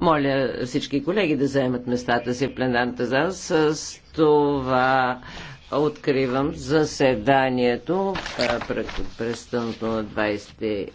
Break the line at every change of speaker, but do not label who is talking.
Моля всички колеги да заемат местата си в пленарната зала. С това откривам заседанието престъпно на 20